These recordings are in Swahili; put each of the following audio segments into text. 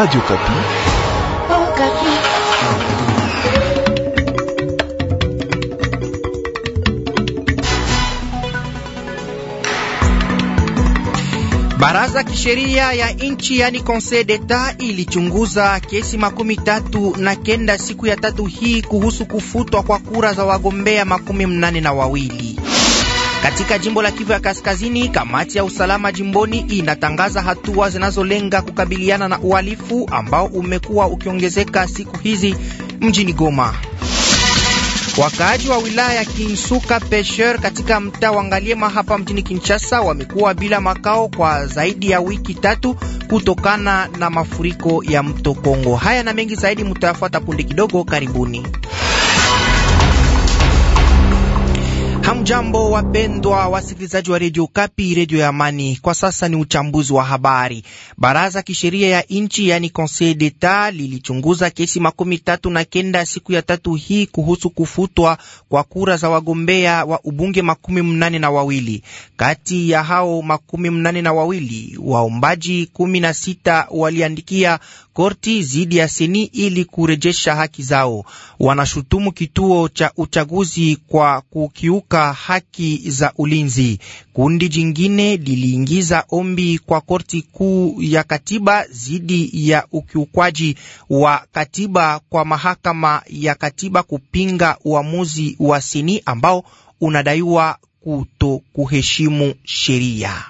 Radio Kapi. Oh, Kapi. Baraza kisheria ya nchi yani Conseil d'Etat ilichunguza kesi makumi tatu na kenda siku ya tatu hii kuhusu kufutwa kwa kura za wagombea makumi mnane na wawili. Katika jimbo la Kivu ya Kaskazini, kamati ya usalama jimboni inatangaza hatua zinazolenga kukabiliana na uhalifu ambao umekuwa ukiongezeka siku hizi mjini Goma. Wakaaji wa wilaya ya Kinsuka Pesher katika mtaa wa Ngaliema hapa mjini Kinshasa wamekuwa bila makao kwa zaidi ya wiki tatu kutokana na mafuriko ya mto Kongo. Haya na mengi zaidi mutayafuata punde kidogo. Karibuni. Hamjambo, wapendwa wasikilizaji wa redio Kapi, redio ya Amani. Kwa sasa ni uchambuzi wa habari. Baraza kisheria ya nchi yani Conseil d'Etat lilichunguza kesi makumi tatu na kenda siku ya tatu hii kuhusu kufutwa kwa kura za wagombea wa ubunge makumi mnane na wawili. Kati ya hao makumi mnane na wawili waombaji kumi na sita waliandikia korti dhidi ya seni ili kurejesha haki zao. Wanashutumu kituo cha uchaguzi kwa kukiuka haki za ulinzi. Kundi jingine liliingiza ombi kwa korti kuu ya katiba dhidi ya ukiukwaji wa katiba kwa mahakama ya katiba kupinga uamuzi wa seni ambao unadaiwa kuto kuheshimu sheria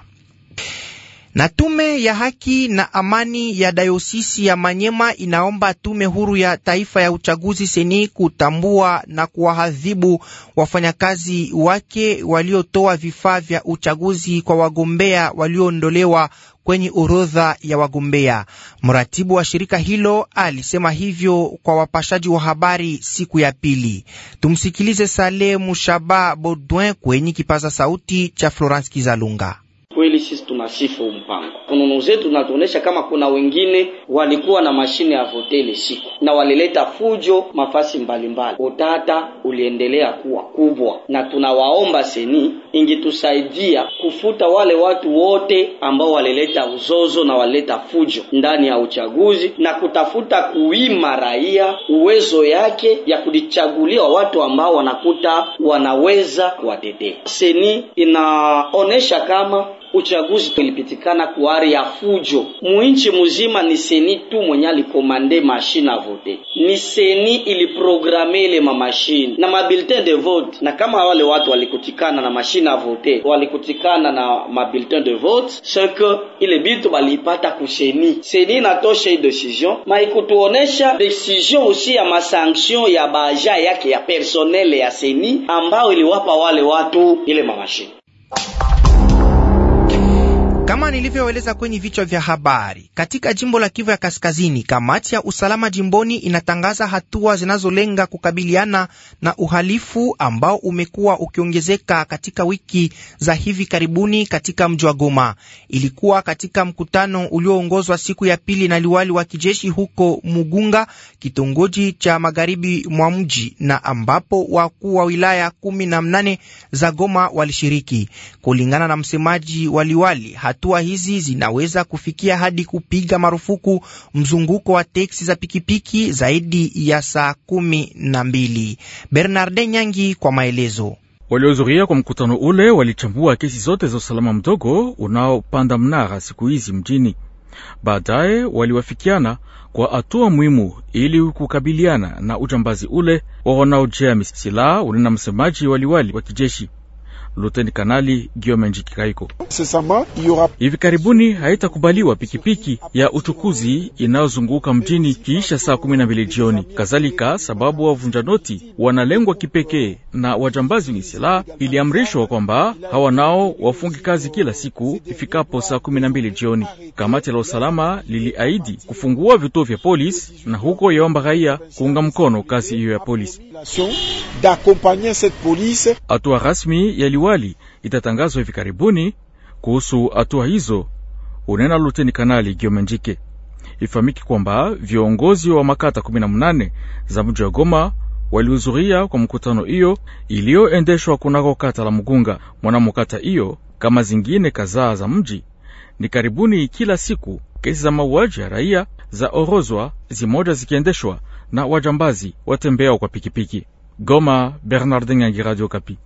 na tume ya haki na amani ya dayosisi ya Manyema inaomba tume huru ya taifa ya uchaguzi seni kutambua na kuwahadhibu wafanyakazi wake waliotoa vifaa vya uchaguzi kwa wagombea walioondolewa kwenye orodha ya wagombea. Mratibu wa shirika hilo alisema hivyo kwa wapashaji wa habari siku ya pili. Tumsikilize Salemu Mushaba bodwin kwenye kipaza sauti cha Florence Kizalunga. Kweli sisi tunasifu mpango. Fununu zetu natuonesha kama kuna wengine walikuwa na mashine ya votele siku na walileta fujo mafasi mbalimbali mbali. Utata uliendelea kuwa kubwa, na tunawaomba seni ingitusaidia kufuta wale watu wote ambao walileta uzozo na walileta fujo ndani ya uchaguzi na kutafuta kuima raia uwezo yake ya kujichagulia watu ambao wanakuta wanaweza kuwatetea. Seni inaonesha kama uchaguzi ilipitikana kuari ya fujo muinchi muzima. Ni seni tu mwenye alikomande mashine avote, ni seni iliprograme ile mamashine na mabulletin de vote. Na kama wale watu walikutikana na mashine avote, walikutikana na mabulletin de vote, seke ile bitu balipata kuseni seni natoshe hii decision, maikutuonesha decision usi ya masanction ya baja yake ya personele ya seni ambao iliwapa wale watu ile mamashine kama nilivyoeleza kwenye vichwa vya habari, katika jimbo la Kivu ya Kaskazini, kamati ya usalama jimboni inatangaza hatua zinazolenga kukabiliana na uhalifu ambao umekuwa ukiongezeka katika wiki za hivi karibuni katika mji wa Goma. Ilikuwa katika mkutano ulioongozwa siku ya pili na liwali wa kijeshi huko Mugunga, kitongoji cha magharibi mwa mji, na ambapo wakuu wa wilaya kumi na nane za Goma walishiriki, kulingana na msemaji wa liwali hatua hizi zinaweza kufikia hadi kupiga marufuku mzunguko wa teksi za pikipiki zaidi ya saa kumi na mbili. Bernarde Nyangi kwa maelezo. Waliohudhuria kwa mkutano ule walichambua kesi zote za usalama mdogo unaopanda mnara siku hizi mjini. Baadaye waliwafikiana kwa hatua muhimu ili kukabiliana na ujambazi ule wa wanaojea silaha, unena msemaji waliwali wa kijeshi. Luteni Kanali Giome Njikikaiko. Hivi karibuni haitakubaliwa pikipiki ya uchukuzi inayozunguka mjini kiisha saa kumi na mbili jioni. Kadhalika, sababu wavunja noti wanalengwa kipekee na wajambazi ni silaha, iliamrishwa kwamba hawa nao wafungi kazi kila siku ifikapo saa kumi na mbili jioni. Kamati la usalama liliahidi kufungua vituo vya polisi na huko yaomba raia kuunga mkono kazi hiyo ya polisi. Hatua rasmi yaliwa awali itatangazwa hivi karibuni kuhusu hatua hizo, unena Luteni Kanali Giomenjike. Ifahamiki kwamba viongozi wa makata 18 za mji wa Goma walihudhuria kwa mkutano hiyo iliyoendeshwa kunako kata la Mgunga. Mwanamo kata hiyo kama zingine kadhaa za mji, ni karibuni kila siku kesi za mauaji ya raia za orozwa zimoja zikiendeshwa na wajambazi watembeao kwa pikipiki. Goma, Bernardin Yangi, Radio Kapi.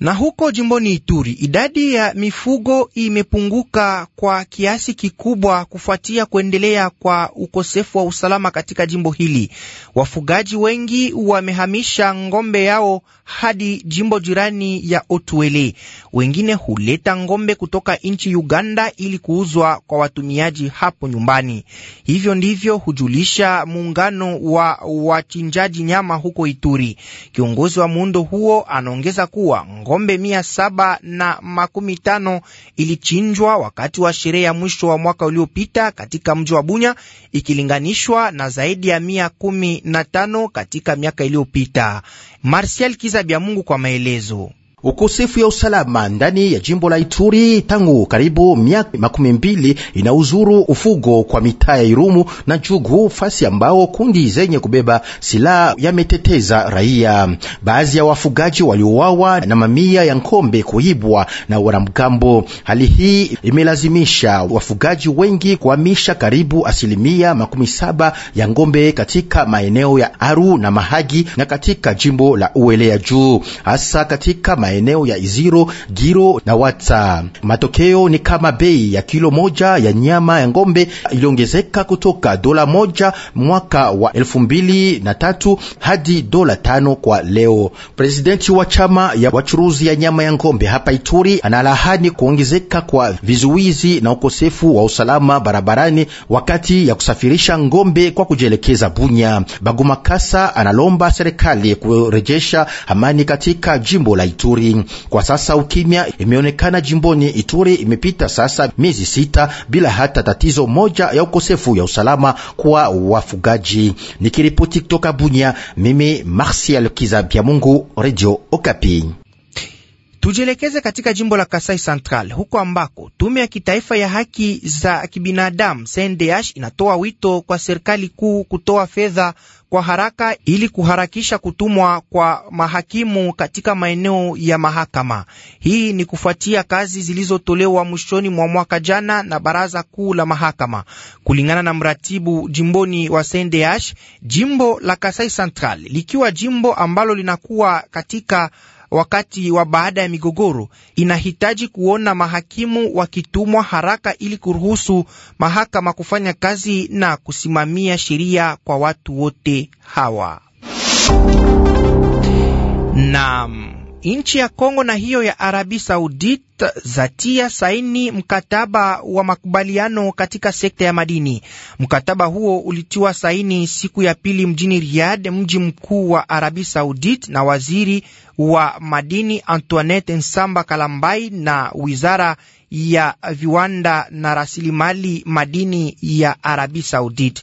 Na huko jimboni Ituri, idadi ya mifugo imepunguka kwa kiasi kikubwa kufuatia kuendelea kwa ukosefu wa usalama katika jimbo hili. Wafugaji wengi wamehamisha ng'ombe yao hadi jimbo jirani ya Otuele. Wengine huleta ng'ombe kutoka nchi Uganda ili kuuzwa kwa watumiaji hapo nyumbani. Hivyo ndivyo hujulisha muungano wa wachinjaji nyama huko Ituri. Kiongozi wa muundo huo anaongeza kuwa ng'ombe mia saba na makumi tano ilichinjwa wakati wa sherehe ya mwisho wa mwaka uliopita katika mji wa Bunya ikilinganishwa na zaidi ya mia kumi na tano katika miaka iliyopita. Marsial Kizabiamungu Mungu kwa maelezo. Ukosefu ya usalama ndani ya jimbo la Ituri tangu karibu miaka makumi mbili inauzuru ufugo kwa mitaa ya Irumu na Jugu, fasi ambao kundi zenye kubeba silaha yameteteza raia. Baadhi ya wafugaji waliuawa na mamia ya ng'ombe kuibwa na wanamgambo. Hali hii imelazimisha wafugaji wengi kuhamisha karibu asilimia makumi saba ya ng'ombe katika maeneo ya Aru na Mahagi na katika jimbo la Uele ya juu hasa katika maeneo maeneo ya Iziro, Giro na Watsa. Matokeo ni kama bei ya kilo moja ya nyama ya ngombe iliongezeka kutoka dola moja mwaka wa elfu mbili na tatu hadi dola tano kwa leo. Presidenti wa chama ya wachuruzi ya nyama ya ngombe hapa Ituri analahani kuongezeka kwa vizuizi na ukosefu wa usalama barabarani wakati ya kusafirisha ngombe kwa kujielekeza Bunya. Baguma Kasa analomba serikali kurejesha amani katika jimbo la Ituri. Ituri. Kwa sasa ukimya imeonekana jimboni Ituri, imepita sasa miezi sita bila hata tatizo moja ya ukosefu ya usalama kwa wafugaji. Nikiripoti kutoka Bunya, mimi Martial Kizabia Mungu, Radio Okapi. Tujielekeze katika jimbo la Kasai Central, huko ambako tume ya kitaifa ya haki za kibinadamu CNDH inatoa wito kwa serikali kuu kutoa fedha kwa haraka ili kuharakisha kutumwa kwa mahakimu katika maeneo ya mahakama. Hii ni kufuatia kazi zilizotolewa mwishoni mwa mwaka jana na baraza kuu la mahakama. Kulingana na mratibu jimboni wa CNDH, jimbo la Kasai Central likiwa jimbo ambalo linakuwa katika wakati wa baada ya migogoro inahitaji kuona mahakimu wakitumwa haraka ili kuruhusu mahakama kufanya kazi na kusimamia sheria kwa watu wote hawa. Naam nchi ya Kongo na hiyo ya Arabi Saudit zatia saini mkataba wa makubaliano katika sekta ya madini. Mkataba huo ulitiwa saini siku ya pili mjini riad mji mkuu wa Arabi Saudit, na waziri wa madini Antoinette Nsamba Kalambai na wizara ya viwanda na rasilimali madini ya Arabi Saudit.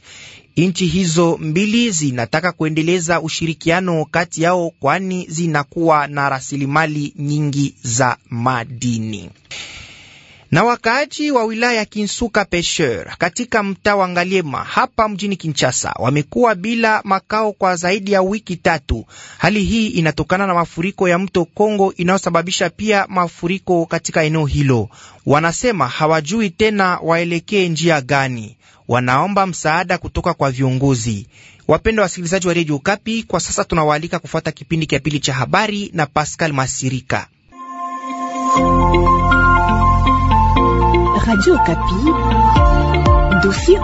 Nchi hizo mbili zinataka kuendeleza ushirikiano kati yao, kwani zinakuwa na rasilimali nyingi za madini. Na wakaaji wa wilaya ya Kinsuka Pesheur katika mtaa wa Ngaliema hapa mjini Kinshasa wamekuwa bila makao kwa zaidi ya wiki tatu. Hali hii inatokana na mafuriko ya mto Kongo inayosababisha pia mafuriko katika eneo hilo. Wanasema hawajui tena waelekee njia gani wanaomba msaada kutoka kwa viongozi. Wapendwa wasikilizaji wa redio Ukapi, kwa sasa tunawaalika kufuata kipindi cha pili cha habari na Pascal Masirika. Radio Kapi,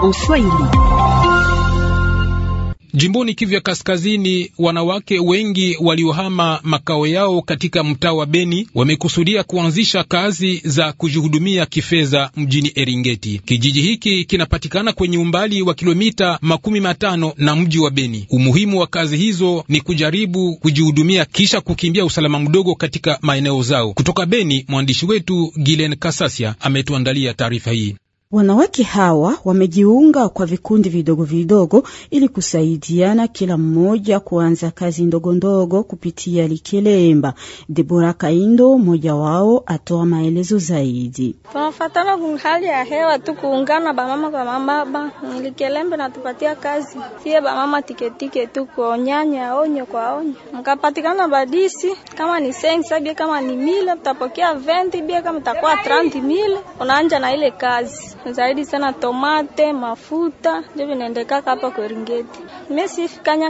en Swahili. Jimboni Kivu ya Kaskazini, wanawake wengi waliohama makao yao katika mtaa wa Beni wamekusudia kuanzisha kazi za kujihudumia kifedha mjini Eringeti. Kijiji hiki kinapatikana kwenye umbali wa kilomita makumi matano na mji wa Beni. Umuhimu wa kazi hizo ni kujaribu kujihudumia kisha kukimbia usalama mdogo katika maeneo zao. Kutoka Beni, mwandishi wetu Gilen Kasasia ametuandalia taarifa hii. Wanawake hawa wamejiunga kwa vikundi vidogo vidogo ili kusaidiana kila mmoja kuanza kazi ndogo ndogo kupitia Likelemba. Debora Kaindo mmoja wao atoa maelezo zaidi. Tunafatana hali ya hewa tu kuungana bamama kwa mababa Likelemba natupatia kazi sie bamama tiketike tu kuonyanya onyo kwa onyo mkapatikana badisi kama ni sensa bie kama ni mile, mtapokea venti bie kama takuwa tranti mile, unaanja na ile kazi zaidi sana tomate, mafuta ndio vinaendekaka hapa kwa Eringeti.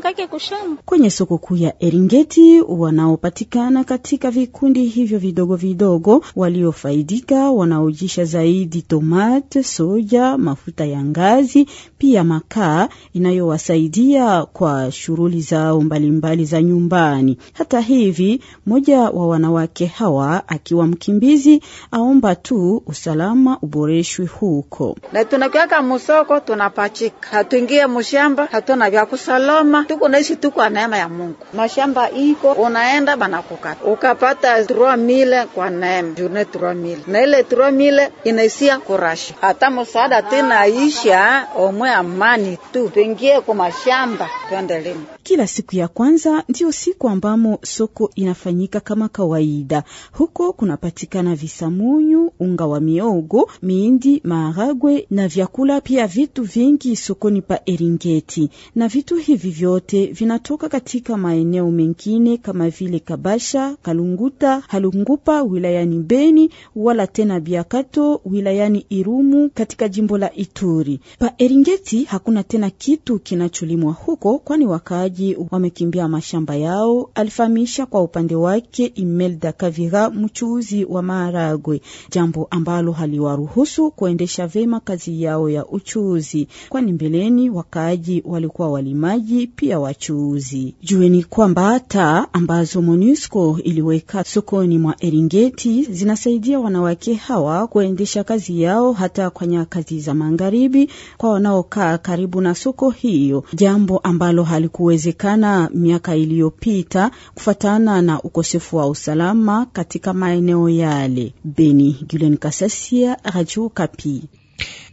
kake kushamba kwenye soko kuu ya Eringeti. Wanaopatikana katika vikundi hivyo vidogo vidogo, waliofaidika wanaojisha zaidi tomate, soja, mafuta ya ngazi, pia makaa inayowasaidia kwa shughuli zao mbalimbali za nyumbani. Hata hivi, mmoja wa wanawake hawa akiwa mkimbizi aomba tu usalama uboreshwe huu huko, na tunakwaka musoko, tunapachika, hatuingie mushamba, hatuna vya kusaloma, tuko naishi, tuko neema ya Mungu. Mashamba iko unaenda banakukata, ukapata mille kwa neema trois mille na ile mille inaisia kurasha, hata musaada tena ah, aisha omwe, amani tu, tuingie kwa mashamba, tuendelee. Kila siku ya kwanza ndiyo siku ambamo soko inafanyika kama kawaida. Huko kunapatikana visamunyu, unga wa miogo, miindi, maharagwe na vyakula pia vitu vingi sokoni pa Eringeti, na vitu hivi vyote vinatoka katika maeneo mengine kama vile Kabasha, Kalunguta, Halungupa wilayani Beni, wala tena Biakato wilayani Irumu katika jimbo la Ituri. Pa Eringeti hakuna tena kitu kinacholimwa huko, kwani wakaaji wenyeji wamekimbia mashamba yao, alifahamisha kwa upande wake Imelda Kavira, mchuuzi wa maharagwe, jambo ambalo haliwaruhusu kuendesha vema kazi yao ya uchuuzi, kwani mbeleni wakaaji walikuwa walimaji pia wachuuzi. Jueni kwamba taa ambazo MONUSCO iliweka sokoni mwa Eringeti zinasaidia wanawake hawa kuendesha kazi yao hata kwa nyakati za magharibi kwa wanaokaa karibu na soko hiyo, jambo ambalo halikuwe kuongezekana miaka iliyopita kufuatana na ukosefu wa usalama katika maeneo yale. Beni, Gulen Kasasia, Radio Kapi.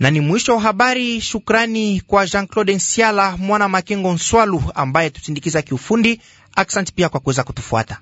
Na ni mwisho wa habari. Shukrani kwa Jean-Claude Nsiala mwana Makengo Nswalu ambaye tusindikiza kiufundi. Aksanti pia kwa kuweza kutufuata.